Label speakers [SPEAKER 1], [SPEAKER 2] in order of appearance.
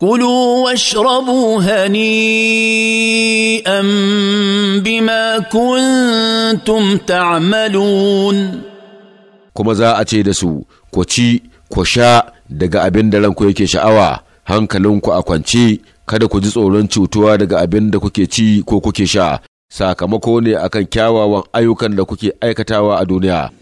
[SPEAKER 1] كلوا واشربوا هنيئا بما كنتم تعملون
[SPEAKER 2] kuma za a ce da su ku ci ku sha daga abin da ranku yake sha'awa hankalinku a kwance kada ku ji tsoron cutuwa daga abin da kuke ci ko kuke sha sakamako ne akan kyawawan ayyukan da kuke aikatawa a duniya